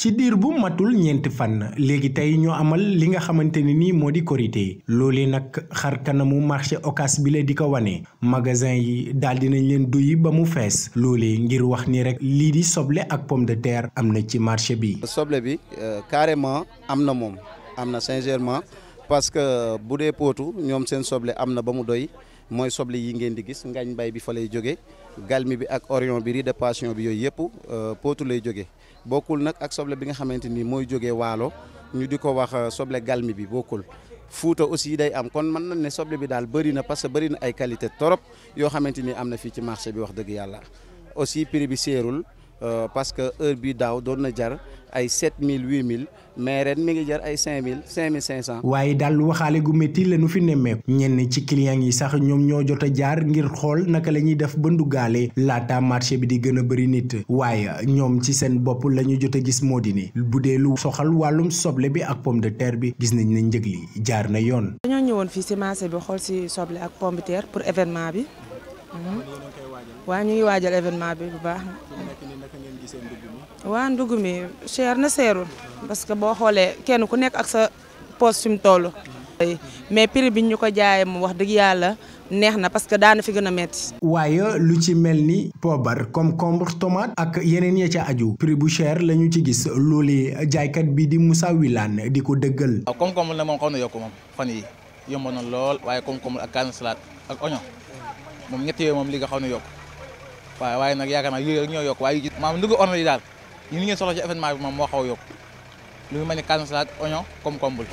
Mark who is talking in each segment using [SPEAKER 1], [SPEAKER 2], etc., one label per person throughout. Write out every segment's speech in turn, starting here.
[SPEAKER 1] ci diir bu matul ñeenti fan léegi tey ñoo amal li nga xamante ne nii moo di korité loolee nag xar kanamu marché occas bi la di ko wane magasin yi daal dinañ leen duy ba mu fees loolee ngir wax ni rek lii di soble ak pomme de terre am na ci marché bi.
[SPEAKER 2] soble bi euh, carrément am na moom am na sincèrement parce que bu dee pootu ñoom seen soble am na ba mu doy. mooy soble yi ngeen di gis ngañ mbay bi fa lay jógee galmi bi ak orion bi riz de passion bi yooyu yëpp euh, pootu lay jógee bokkul nag ak soble bi nga xamante ni mooy jógee waalo ñu di ko wax euh, soble galmi bi bokkul fuuta aussi day am kon mën na ne soble bi daal bëri na parce que bëri na ay qualité torop yoo xamante ni am na fii ci marché bi wax dëgg yàlla aussi prix bi seerul Euh, parce que heure bi daaw doon na jar ay 7000 8000 mais ren mi ngi jar ay 5000 5500. waaye daal
[SPEAKER 1] lu waxaale gu métti la nu fi nemmeeku. ñenn ci clients yi sax ñoom ñoo jot a jaar ngir xool naka la ñuy def ba nduggaale laata marché bi di gën a bëri nit. waaye ñoom ci seen bopp la ñu jot a gis moo di ni bu dee lu soxal wàllum soble bi ak pomme de terre bi gis nañ ne njëg li jaar na yoon.
[SPEAKER 2] dañoo ak pomme de pour événement bi. Mhm. bi gisee ndugg mi. waa ndugg mi cher na seerul parce que boo xoolee kenn ku nekk ak sa poste fi mu toll. mais prix bi ñu ko jaayee mu wax dëgg yàlla neex na parce que daana fi gën a metti
[SPEAKER 1] waaye lu ci mel ni poobar concombre tomate ak yeneen ya ca aju prix bu cher la ñu ci gis loolee jaaykat bi di Moussa Wilane di ko dëggal. waaw concombre la moom xaw na yokk moom fan yi yomb na lool waaye concombre ak kaani salade ak oignon moom ñett yooyu moom li nga xaw na yokk. waaw waaye nag yaakaar naa yooyu rek ñoo yokk waaye yu maanaam ndugg orne yi daal ñu ni ngeen soxla ci événement bi moom moo xaw a yokk lu mu mel ni carne salade oignon concombre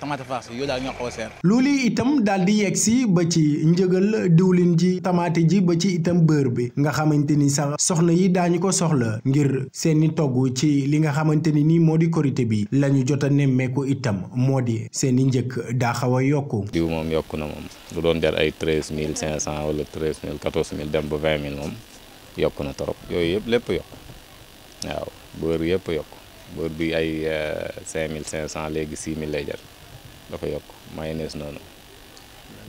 [SPEAKER 1] tomate farci yooyu daal ñoo xaw a seer loolu itam daal di yegg si ba ci njëgal diwlin ji tamaate ji ba ci itam beurre bi nga xamante ni sax soxna yi daañu ko soxla ngir seeni togg ci li nga xamante ni nii moo di korité bi la ñu jot a nemmeeku itam moo di seeni njëkk daa xaw a yokku diw moom na doon jar ay treize mille cinq cent dem ba vingt yokk na torop yooyu yëpp lépp yokk waaw beurre yëpp yokk beurre bi ay eh, mille cinq 5500 léegi 6000 lay jar dafa yokk mayonnaise noonu.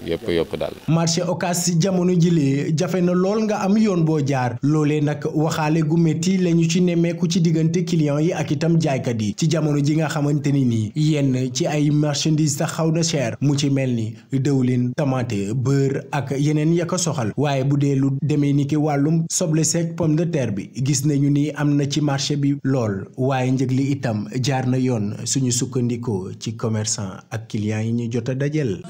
[SPEAKER 1] yëpp yëpp daal. marché Ocass si jamono jilee jafe na lool nga am yoon boo jaar loolee nag waxaale gu métti lañu ñu ci nemmeeku ci diggante clients yi ak itam jaaykat yi ci jamono ji nga xamante ni nii yenn ci ay marchandises sa xaw na cher mu ci mel ni dëwlin tamaate beurre ak yeneen ya ko soxal waaye bu dee lu demee ni ki wàllum soble sec pomme de terre bi gis nañu ni am na ci marché bi lool waaye njëg li itam jaar na yoon suñu sukkandikoo ci commerçant ak clients yi ñu jot a dajel.